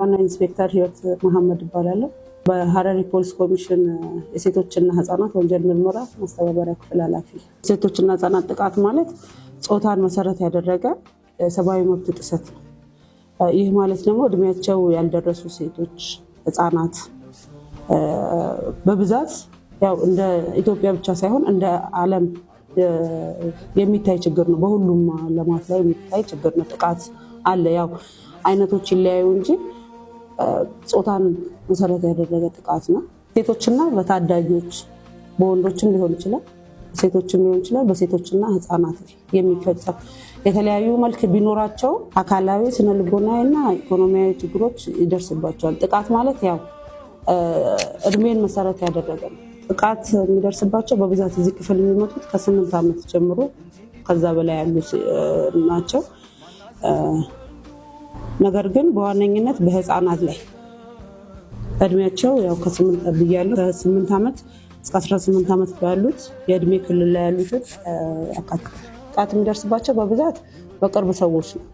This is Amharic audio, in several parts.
ዋና ኢንስፔክተር ህይወት መሐመድ እባላለሁ። በሀረሪ ፖሊስ ኮሚሽን የሴቶችና ህጻናት ወንጀል ምርመራ ማስተባበሪያ ክፍል ኃላፊ። ሴቶችና ህጻናት ጥቃት ማለት ጾታን መሰረት ያደረገ ሰብአዊ መብት ጥሰት ነው። ይህ ማለት ደግሞ እድሜያቸው ያልደረሱ ሴቶች፣ ህጻናት በብዛት ያው እንደ ኢትዮጵያ ብቻ ሳይሆን እንደ ዓለም የሚታይ ችግር ነው። በሁሉም ዓለማት ላይ የሚታይ ችግር ነው። ጥቃት አለ። ያው አይነቶች ይለያዩ እንጂ ጾታን መሰረት ያደረገ ጥቃት ነው። ሴቶችና በታዳጊዎች በወንዶችም ሊሆን ይችላል፣ ሴቶችም ሊሆን ይችላል። በሴቶችና ህፃናት የሚፈጸም የተለያዩ መልክ ቢኖራቸው አካላዊ፣ ልቦናዊ እና ኢኮኖሚያዊ ችግሮች ይደርስባቸዋል። ጥቃት ማለት ያው እድሜን መሰረት ያደረገ ነው። ጥቃት የሚደርስባቸው በብዛት እዚህ ክፍል የሚመጡት ከስምንት ዓመት ጀምሮ ከዛ በላይ ያሉ ናቸው። ነገር ግን በዋነኝነት በህፃናት ላይ እድሜያቸው ያው ከስምንት ብያለሁ ከስምንት ዓመት እስከ 18 ዓመት ያሉት የእድሜ ክልል ላይ ያሉትን ያካትታል። ጥቃት የሚደርስባቸው በብዛት በቅርብ ሰዎች ነው።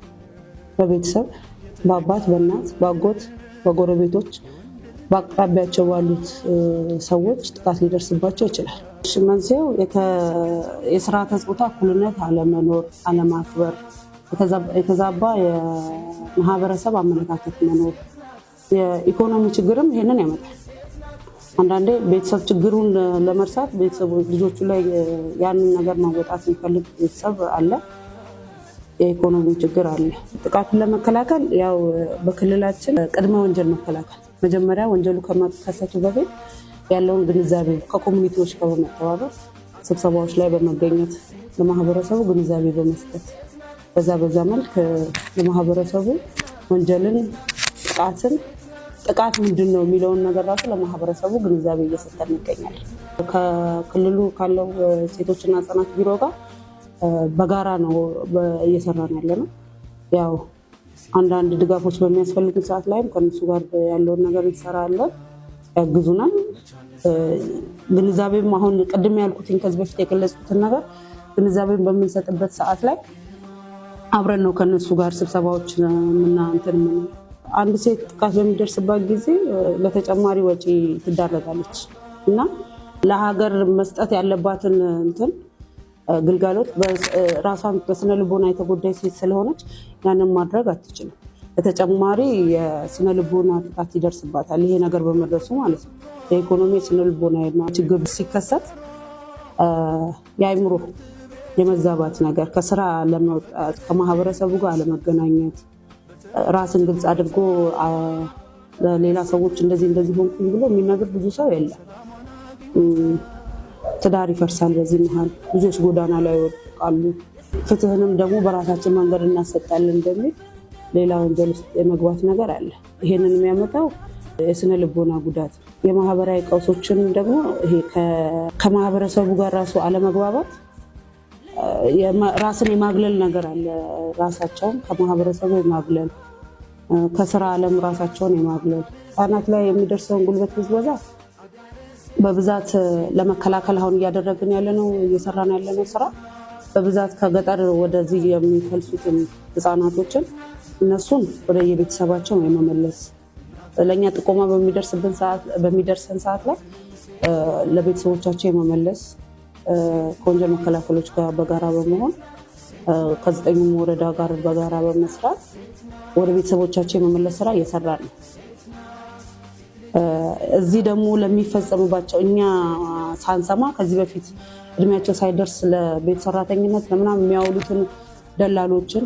በቤተሰብ በአባት፣ በእናት፣ በአጎት፣ በጎረቤቶች፣ በአቅራቢያቸው ባሉት ሰዎች ጥቃት ሊደርስባቸው ይችላል። መንስኤው የስርዓተ ፆታ እኩልነት አለመኖር፣ አለማክበር የተዛባ የማህበረሰብ አመለካከት መኖር፣ የኢኮኖሚ ችግርም ይሄንን ያመጣል። አንዳንዴ ቤተሰብ ችግሩን ለመርሳት ቤተሰቡ ልጆቹ ላይ ያንን ነገር ማወጣት የሚፈልግ ቤተሰብ አለ። የኢኮኖሚ ችግር አለ። ጥቃቱን ለመከላከል ያው በክልላችን ቅድመ ወንጀል መከላከል መጀመሪያ ወንጀሉ ከመከሰቱ በፊት ያለውን ግንዛቤ ከኮሚኒቲዎች ጋር በመተባበር ስብሰባዎች ላይ በመገኘት ለማህበረሰቡ ግንዛቤ በመስጠት በዛ በዛ መልክ ለማህበረሰቡ ወንጀልን፣ ጥቃትን ጥቃት ምንድን ነው የሚለውን ነገር ራሱ ለማህበረሰቡ ግንዛቤ እየሰጠን ይገኛል። ከክልሉ ካለው ሴቶችና ህጻናት ቢሮ ጋር በጋራ ነው እየሰራን ያለ ነው። ያው አንዳንድ ድጋፎች በሚያስፈልጉ ሰዓት ላይም ከእነሱ ጋር ያለውን ነገር እንሰራለን፣ ያግዙናል። ግንዛቤም አሁን ቅድም ያልኩትን ከዚህ በፊት የገለጽኩትን ነገር ግንዛቤን በምንሰጥበት ሰዓት ላይ አብረን ነው ከነሱ ጋር ስብሰባዎች ምናንትን አንድ ሴት ጥቃት በሚደርስባት ጊዜ ለተጨማሪ ወጪ ትዳረጋለች እና ለሀገር መስጠት ያለባትን እንትን ግልጋሎት ራሷን በስነ ልቦና የተጎዳይ ሴት ስለሆነች ያንን ማድረግ አትችልም። በተጨማሪ የስነ ልቦና ጥቃት ይደርስባታል። ይሄ ነገር በመድረሱ ማለት ነው። የኢኮኖሚ የስነ ልቦና ችግር ሲከሰት የአይምሮ የመዛባት ነገር፣ ከስራ ለመውጣት፣ ከማህበረሰቡ ጋር ለመገናኘት ራስን ግልጽ አድርጎ ሌላ ሰዎች እንደዚህ እንደዚህ ሆንኩኝ ብሎ የሚነግር ብዙ ሰው የለም። ትዳር ይፈርሳል። በዚህ መሀል ልጆች ጎዳና ላይ ይወድቃሉ። ፍትህንም ደግሞ በራሳችን መንገድ እናሰጣለን በሚል ሌላ ወንጀል ውስጥ የመግባት ነገር አለ። ይሄንን የሚያመጣው የስነ ልቦና ጉዳት፣ የማህበራዊ ቀውሶችን ደግሞ ይሄ ከማህበረሰቡ ጋር ራሱ አለመግባባት ራስን የማግለል ነገር አለ። ራሳቸውን ከማህበረሰቡ የማግለል ከስራ ዓለም ራሳቸውን የማግለል ህጻናት ላይ የሚደርሰውን ጉልበት ብዝበዛ በብዛት ለመከላከል አሁን እያደረግን ያለነው እየሰራን ያለነው ስራ በብዛት ከገጠር ወደዚህ የሚፈልሱትን ህጻናቶችን እነሱን ወደ የቤተሰባቸው የመመለስ ለእኛ ጥቆማ በሚደርሰን ሰዓት ላይ ለቤተሰቦቻቸው የመመለስ ከወንጀል መከላከሎች ጋር በጋራ በመሆን ከዘጠኙም ወረዳ ጋር በጋራ በመስራት ወደ ቤተሰቦቻቸው የመመለስ ስራ እየሰራ ነው። እዚህ ደግሞ ለሚፈጸምባቸው እኛ ሳንሰማ ከዚህ በፊት እድሜያቸው ሳይደርስ ለቤት ሰራተኝነት ለምናምን የሚያውሉትን ደላሎችን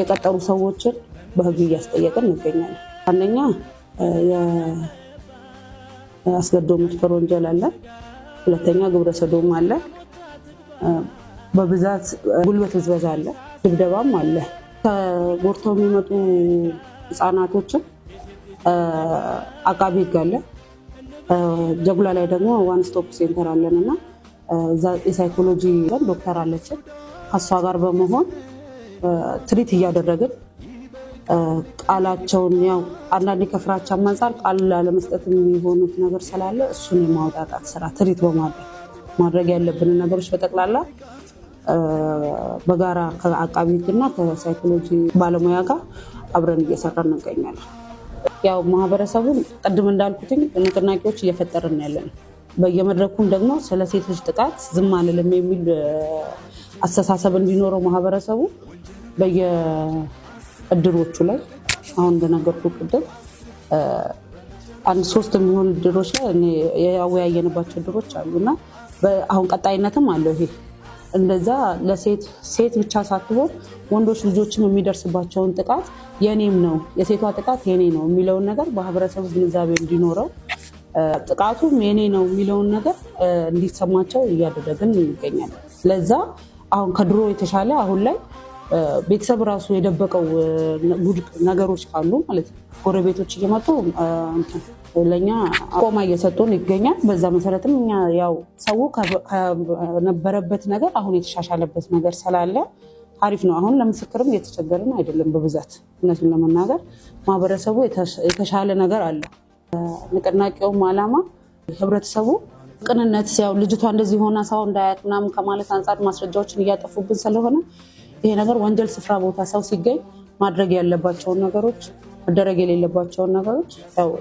የቀጠሩ ሰዎችን በህግ እያስጠየቅን እንገኛለን። አንደኛ የአስገድዶ መድፈር ወንጀል አለን። ሁለተኛ ግብረ ሰዶም አለ። በብዛት ጉልበት ብዝበዛ አለ፣ ድብደባም አለ። ተጎድተው የሚመጡ ህጻናቶችን አቃቢ ህግ አለ። ጀጉላ ላይ ደግሞ ዋን ስቶፕ ሴንተር አለን እና የሳይኮሎጂ ዶክተር አለችን ከእሷ ጋር በመሆን ትሪት እያደረግን ቃላቸውን ያው አንዳንዴ ከፍራቻም አንጻር ቃል ላለመስጠት የሚሆኑት ነገር ስላለ እሱን የማውጣጣት ስራ ትሪት በማድረግ ማድረግ ያለብንን ነገሮች በጠቅላላ በጋራ ከአቃቢ ሕግና ከሳይኮሎጂ ባለሙያ ጋር አብረን እየሰራን እንገኛለን። ያው ማህበረሰቡን ቅድም እንዳልኩትኝ ንቅናቄዎች እየፈጠርን ያለን በየመድረኩም ደግሞ ስለ ልጅ ጥቃት ዝም አንልም የሚል አስተሳሰብ እንዲኖረው ማህበረሰቡ በየ እድሮቹ ላይ አሁን እንደነገርኩ ቅድም አንድ ሶስት የሚሆን እድሮች ላይ ያወያየንባቸው እድሮች አሉ እና አሁን ቀጣይነትም አለው ይሄ እንደዛ ለሴት ሴት ብቻ ሳትሆን ወንዶች ልጆችም የሚደርስባቸውን ጥቃት የኔም ነው የሴቷ ጥቃት የኔ ነው የሚለውን ነገር ማህበረሰቡ ግንዛቤ እንዲኖረው ጥቃቱም የኔ ነው የሚለውን ነገር እንዲሰማቸው እያደረግን ይገኛል። ለዛ አሁን ከድሮ የተሻለ አሁን ላይ ቤተሰብ ራሱ የደበቀው ጉድ ነገሮች ካሉ ማለት ነው ጎረቤቶች እየመጡ ለእኛ ቆማ እየሰጡን ይገኛል። በዛ መሰረትም እኛ ያው ሰው ከነበረበት ነገር አሁን የተሻሻለበት ነገር ስላለ አሪፍ ነው። አሁን ለምስክርም እየተቸገርን አይደለም በብዛት እውነቱን ለመናገር ማህበረሰቡ የተሻለ ነገር አለ። ንቅናቄውም አላማ ህብረተሰቡ ቅንነት ያው ልጅቷ እንደዚህ ሆና ሰው እንዳያት ምናምን ከማለት አንጻር ማስረጃዎችን እያጠፉብን ስለሆነ ይሄ ነገር ወንጀል ስፍራ ቦታ ሰው ሲገኝ ማድረግ ያለባቸውን ነገሮች መደረግ የሌለባቸውን ነገሮች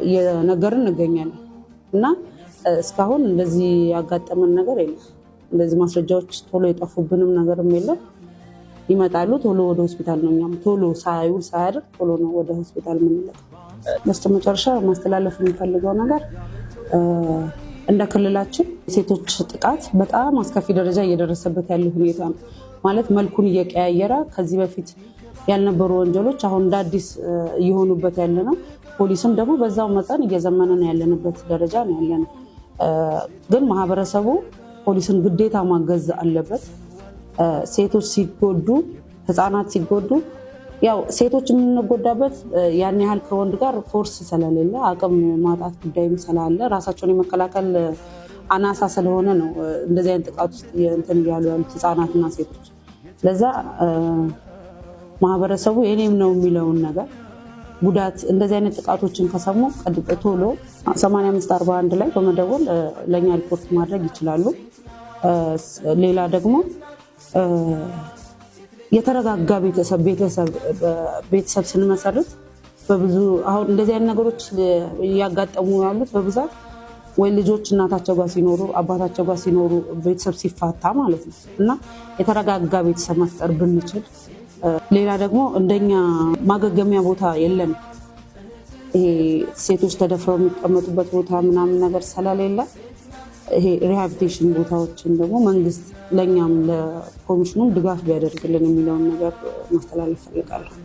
እየነገርን እንገኛለን እና እስካሁን እንደዚህ ያጋጠመን ነገር የለም። እንደዚህ ማስረጃዎች ቶሎ የጠፉብንም ነገርም የለም። ይመጣሉ። ቶሎ ወደ ሆስፒታል ነው እኛም ቶሎ ሳይውል ሳያድር ቶሎ ነው ወደ ሆስፒታል የምንለቅ። በስተ መጨረሻ ማስተላለፍ የሚፈልገው ነገር እንደ ክልላችን ሴቶች ጥቃት በጣም አስከፊ ደረጃ እየደረሰበት ያለ ሁኔታ ነው። ማለት መልኩን እየቀያየረ ከዚህ በፊት ያልነበሩ ወንጀሎች አሁን እንደ አዲስ እየሆኑበት ያለ ነው። ፖሊስም ደግሞ በዛው መጠን እየዘመነ ነው ያለንበት ደረጃ ነው ያለ ነው። ግን ማህበረሰቡ ፖሊስን ግዴታ ማገዝ አለበት። ሴቶች ሲጎዱ፣ ህፃናት ሲጎዱ ያው ሴቶች የምንጎዳበት ያን ያህል ከወንድ ጋር ፎርስ ስለሌለ አቅም ማጣት ጉዳይም ስላለ ራሳቸውን የመከላከል አናሳ ስለሆነ ነው እንደዚህ አይነት ጥቃት ውስጥ እንትን እያሉ ያሉት ህፃናትና ሴቶች። ለዛ ማህበረሰቡ የኔም ነው የሚለውን ነገር ጉዳት እንደዚህ አይነት ጥቃቶችን ከሰሙ ቶሎ 8541 ላይ በመደወል ለእኛ ሪፖርት ማድረግ ይችላሉ። ሌላ ደግሞ የተረጋጋ ቤተሰብ ስንመሰርት በብዙ አሁን እንደዚህ አይነት ነገሮች እያጋጠሙ ያሉት በብዛት ወይ ልጆች እናታቸው ጋር ሲኖሩ አባታቸው ጋር ሲኖሩ ቤተሰብ ሲፋታ ማለት ነው እና የተረጋጋ ቤተሰብ መፍጠር ብንችል፣ ሌላ ደግሞ እንደኛ ማገገሚያ ቦታ የለም። ይሄ ሴቶች ተደፍረው የሚቀመጡበት ቦታ ምናምን ነገር ስለሌለ ይሄ ሪሃቢቴሽን ቦታዎችን ደግሞ መንግስት ለእኛም ለኮሚሽኑም ድጋፍ ቢያደርግልን የሚለውን ነገር ማስተላለፍ ፈልጋለሁ።